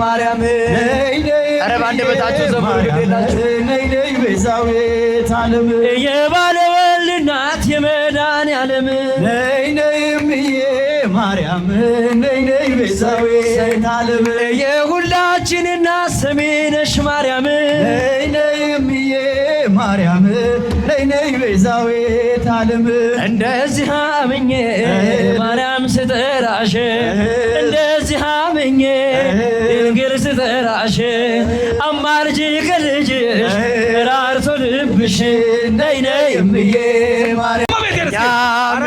ማርያም ኧረ ባንደበታችሁ ዘምሩ ነይደይ ቤዛዊት የባለወልድ እናት የመድኃኔዓለም ነይደይ እምዬ ማርያም ነይደይ ቤዛዊት ዓለም የሁላችን እናት ስሚ ነሽ ማርያም ነይደይ እምዬ ማርያም ነይደይ ቤዛዊት ዓለም እንደዚህ አምኜ ማርያም ስጠራሽ አምኜ ድንግል ስጠራሽ አማልጅ ከልጅሽ ራርቶ ልብሽ ነይ ነይ እምዬ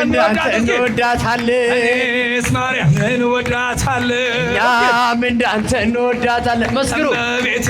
እንዳንተ እንወዳታለን እኛም እንዳንተ እንወዳታለን መስክሩ ቤቴ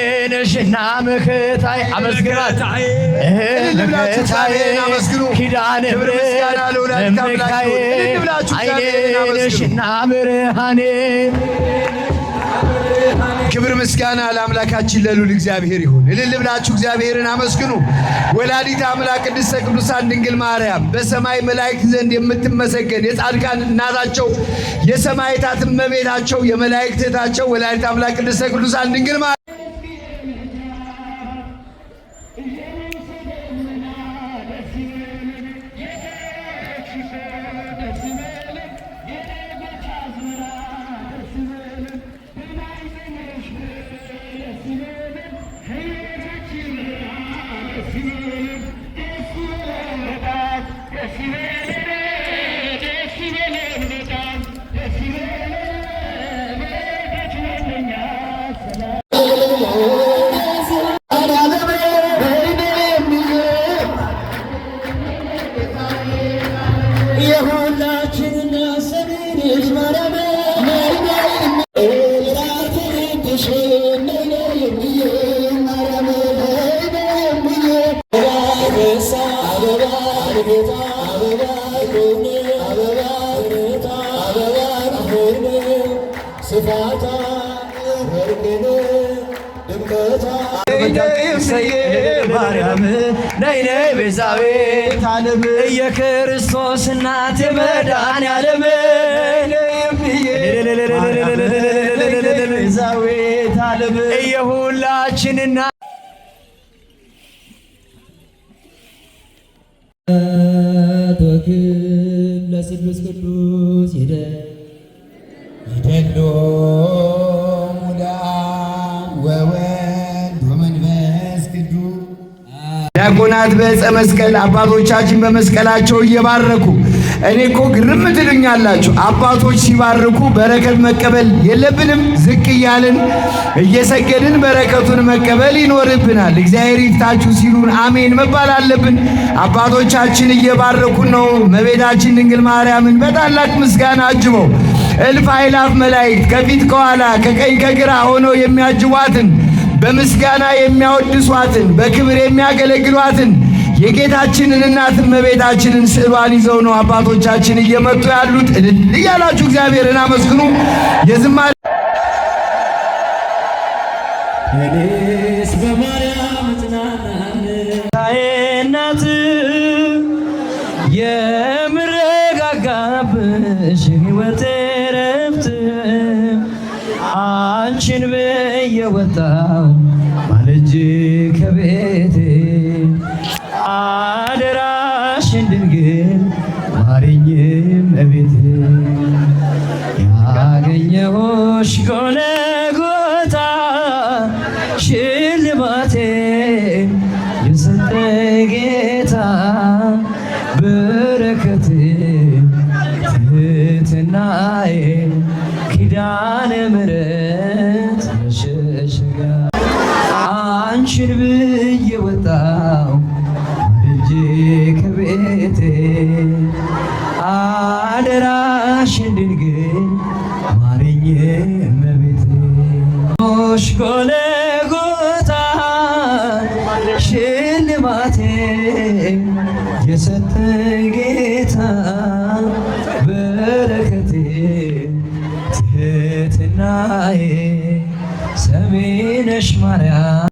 እሽና ምክታይ አመስግናት ኪዳነ ምሕረት አይኔ እሽና ብርሃኔ ክብር ምስጋና ለአምላካችን ለልዑል እግዚአብሔር ይሁን። እልል ብላችሁ እግዚአብሔርን አመስግኑ። ወላዲት አምላክ ቅድስተ ቅዱሳን ድንግል ማርያም በሰማይ መላእክት ዘንድ የምትመሰገን የጻድቃን እናታቸው የሰማዕታት እመቤታቸው የመላእክት እህታቸው ወላዲት አምላክ ቅድስተ ቅዱሳን ድንግል ማርያም Yehula kirna sabir icmara be ማርያም ነይ ነይ ቤዛቤት ዓለም የክርስቶስ እናት መድኃኔዓለም ቤዛቤት ዓለም የሁላችን እናት ለክብ ለስሉስ ቅዱስ ይደ ይደሎ ዲያቆናት በዕፀ መስቀል አባቶቻችን በመስቀላቸው እየባረኩ እኔ እኮ ግርም ትሉኛላችሁ። አባቶች ሲባርኩ በረከት መቀበል የለብንም? ዝቅ እያልን እየሰገድን በረከቱን መቀበል ይኖርብናል። እግዚአብሔር ይፍታችሁ ሲሉን አሜን መባል አለብን። አባቶቻችን እየባረኩን ነው። መቤዳችን ድንግል ማርያምን በታላቅ ምስጋና አጅበው እልፍ አይላፍ መላእክት ከፊት ከኋላ ከቀኝ ከግራ ሆነው የሚያጅቧትን በምስጋና የሚያወድሷትን በክብር የሚያገለግሏትን የጌታችንን እናት እመቤታችንን ስዕሏን ይዘው ነው አባቶቻችን እየመጡ ያሉት። እልል እያላችሁ እግዚአብሔርን አመስግኑ። የዝማሬ የምረጋጋብሽ ሕይወቴ ረፍት አንቺን ብዬ ወጣሁ ከቤቴ ሰናይ ኪዳነ ምሕረት መሸሸጋ አንቺን ብዬ ወጣው ልጄ ከቤቴ አደራሽን ድንግል ማርኝ እመቤቴ ሽ ጎልጎታ ሽልማቴ የሰጠኝ ጌታ ስሜነሽ ማርያም